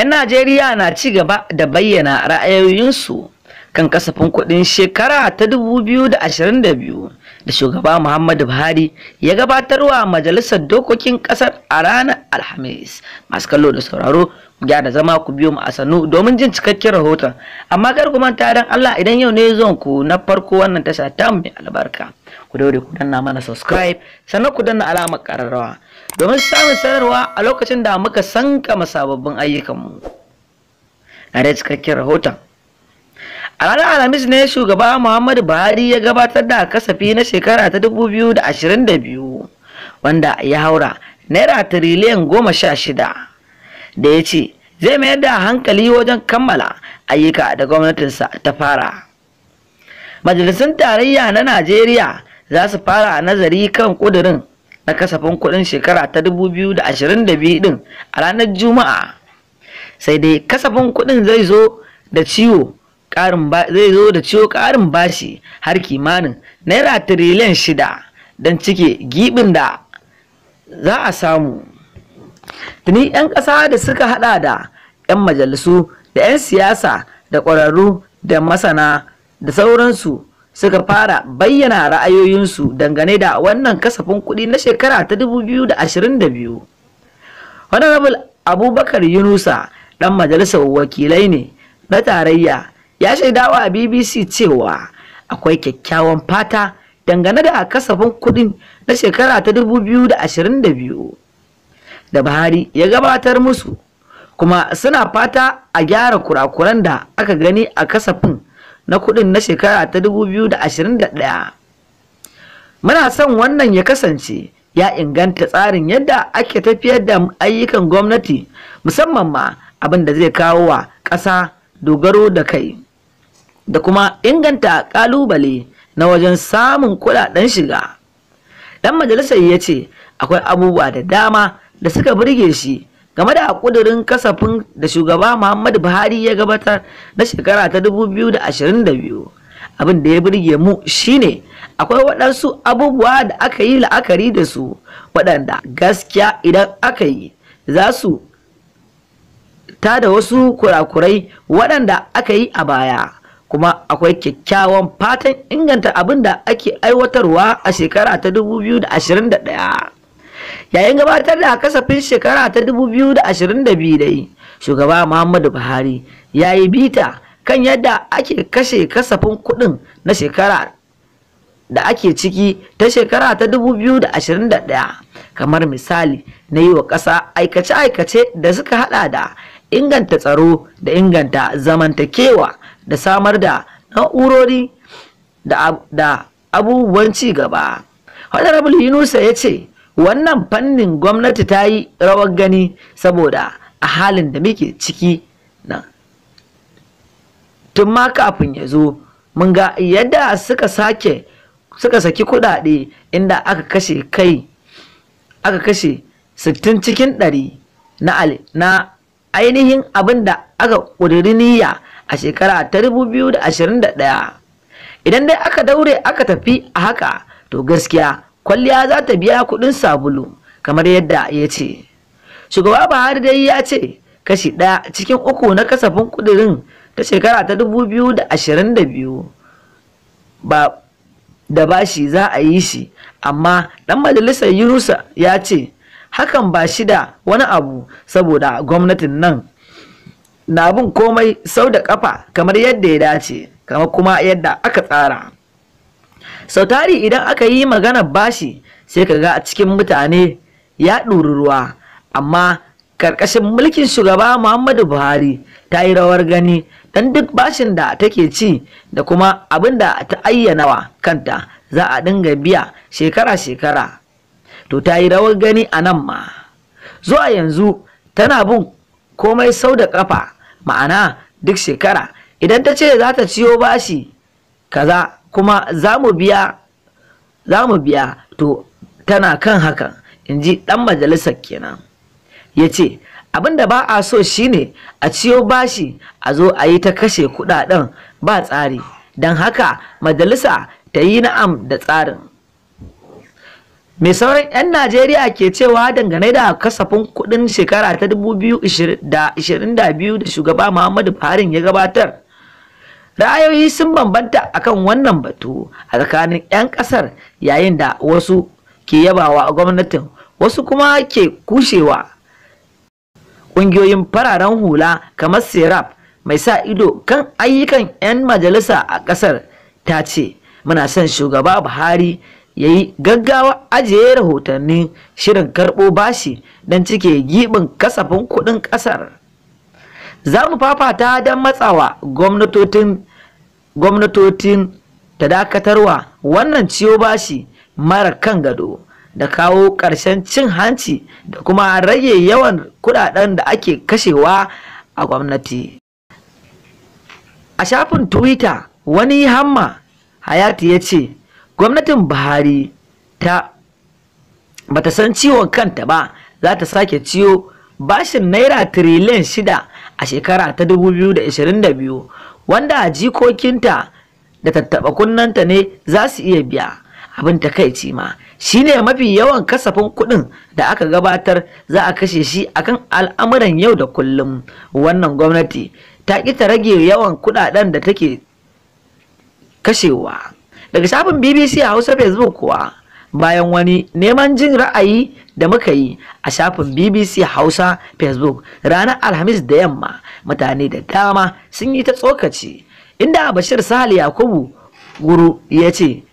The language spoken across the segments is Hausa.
'Yan Najeriya na ci gaba da bayyana ra'ayoyinsu kan kasafin kuɗin shekara ta 2022 da shugaba Muhammadu Buhari ya gabatarwa Majalisar Dokokin Ƙasar a ranar Alhamis. Masu kallo da sauraro ku gyara zama ku biyo mu a sannu domin jin cikakken rahoton. Amma kar ku manta dan Allah idan yau ne zon ku na farko wannan tasha ta mai albarka. Ku daure ku danna mana subscribe sannan ku danna alamar ƙararrawa. domin samun sanarwa a lokacin da muka sankama sababbin ayyukanmu a da cikakken rahoton a ranar alhamis ne shugaba muhammadu buhari ya gabatar da kasafi na shekara ta 2022 wanda ya haura naira tiriliyan goma sha shida da ya ce zai mayar da hankali wajen kammala ayyuka da gwamnatinsa ta fara majalisun tarayya na najeriya za su fara nazari kan ƙudurin na kasafin kuɗin shekara ta 2022 din a ranar Juma'a. Sai dai kasafin kuɗin zai zo da ciwo ƙarin zai zo da ciwo karin bashi har kimanin naira tiriliyan shida don cike gibin da za a samu. Tuni 'yan ƙasa da suka haɗa da 'yan majalisu da 'yan siyasa da ƙwararru da masana da sauransu suka fara bayyana ra'ayoyinsu dangane da wannan kasafin kuɗi na shekara ta 2022 honorable abubakar yunusa ɗan majalisar wakilai ne na tarayya ya shaidawa a bbc cewa akwai kyakkyawan fata dangane da kasafin kuɗin na shekara ta 2022 da buhari ya gabatar musu kuma suna fata a gyara kurakuran da aka gani a kasafin na kuɗin na shekara ta da ɗaya. muna son wannan ya kasance ya inganta tsarin yadda ake tafiyar da ayyukan gwamnati musamman ma abin da zai kawo wa ƙasa dogaro da kai da kuma inganta ƙalubale na wajen samun kuɗaɗen shiga dan majalisar ya ce akwai abubuwa da dama da suka burge shi game da kudirin kasafin da shugaba muhammadu buhari ya gabatar na shekara ta 2022 abin da ya burge mu shine akwai waɗansu abubuwa da aka yi la'akari da su waɗanda gaskiya idan aka yi za su ta da wasu kurakurai waɗanda aka yi a baya kuma akwai kyakkyawan fatan inganta abin da ake aiwatarwa a shekara ta 2021 yayin gabatar da kasafin shekara ta 2022 dai shugaba muhammadu buhari ya yi bita kan yadda ake kashe kasafin kuɗin na shekara da ake ciki ta shekara ta 2021 kamar misali na yi wa ƙasa aikace-aikace da suka hada da inganta tsaro da inganta zamantakewa da samar da na'urori da abubuwan ci gaba. Honorable Yunusa ya ce wannan fannin gwamnati ta yi rawar gani saboda a halin da muke ciki nan tun ma kafin ya zo mun ga yadda suka sake suka saki kudade inda aka kashe kai aka kashe 60 cikin 100 na na ainihin abinda aka ƙudiri niyya a shekara ta 2021 idan dai aka daure aka tafi a haka to gaskiya kwalliya za ta biya kuɗin sabulu kamar yadda ya ce shugaba buhari dai ya ce kashi ɗaya cikin uku na kasafin kudirin ta shekara ta 2022 ba da bashi za a yi shi amma ɗan majalisar yunusa ya ce hakan ba shi da wani abu saboda gwamnatin nan na bin komai sau da kafa kamar yadda ya dace kamar kuma yadda aka tsara sau tari idan aka yi maganar bashi sai ka ga a cikin mutane ya ɗuri ruwa amma ƙarƙashin mulkin shugaba muhammadu buhari ta yi rawar gani don duk bashin da take ci da kuma abin da ta ayyana wa kanta za a dinga biya shekara-shekara to ta yi rawar gani a nan ma zuwa yanzu tana bin komai sau da kafa ma'ana duk shekara idan ta ce za ta ciyo bashi kaza kuma za mu biya za mu biya to tana kan hakan in ji ɗan majalisar kenan ya ce abin da ba a so shine a ciyo bashi a zo a yi ta kashe kudaden ba tsari don haka majalisa ta yi na'am da tsarin mai sauran 'yan najeriya ke cewa dangane da kasafin kudin shekara ta 2022 da shugaba muhammadu buhari ya gabatar ra'ayoyi sun bambanta akan wannan batu a tsakanin 'yan kasar yayin da wasu ke yabawa a gwamnatin wasu kuma ke kushewa ƙungiyoyin fararen hula kamar serap mai sa ido kan ayyukan 'yan majalisa a kasar ta ce muna son shugaba buhari ya yi gaggawa ajiye rahotannin shirin karɓo bashi don cike giɓin kasafin kuɗin ƙasar. za mu fafata don matsawa gwamnatocin gwamnatocin ta dakatarwa wannan ciyo bashi mara kan gado da kawo ƙarshen cin hanci da kuma rage yawan kudaden da ake kashewa a gwamnati a shafin twitter wani hamma hayati ya ce gwamnatin buhari ta bata san ciwon kanta ba za ta sake ciwo bashin naira tiriliyan shida a shekara ta 2022 wanda jikokinta da tattaɓa kunnanta ne za su iya biya abin takaici ma ne mafi yawan kasafin kuɗin da aka gabatar za a kashe shi akan al'amuran yau da kullum wannan gwamnati ta ƙi ta rage yawan kuɗaɗen da take kashewa daga shafin bbc a hausa facebook kuwa bayan wani neman jin ra'ayi da muka yi a shafin bbc hausa facebook ranar alhamis da yamma mutane da dama sun yi ta tsokaci inda bashir sahal yakubu guru ya ce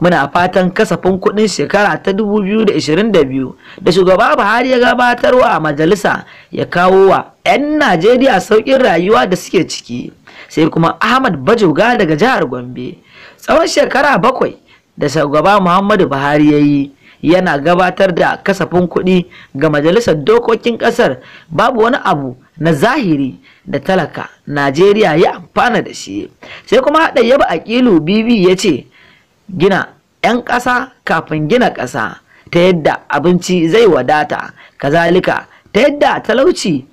muna fatan kasafin kudin shekara ta 2022 da shugaba buhari ya gabatarwa a majalisa ya kawo wa 'yan najeriya saukin rayuwa da suke ciki sai kuma ahmad bajoga daga jihar gombe tsawon shekara bakwai da shugaba muhammadu buhari ya yi yana gabatar da kasafin kuɗi ga majalisar dokokin ƙasar babu wani abu na zahiri da talaka najeriya ya amfana da shi sai kuma haɗa yaba aƙilu bibi ya ce gina 'yan ƙasa kafin gina ƙasa ta yadda abinci zai wadata kazalika ta yadda talauci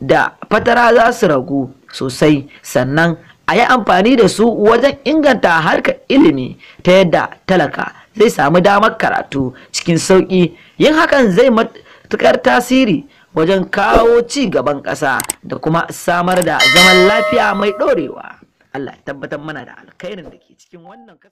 da fatara za su ragu sosai sannan a yi amfani da su wajen inganta harkar ilimi ta yadda talaka zai samu damar karatu cikin sauƙi yin hakan zai matuƙar tasiri wajen kawo ci gaban ƙasa da kuma samar da zaman lafiya mai ɗorewa Allah tabbatar mana da alkhairin da ke cikin wannan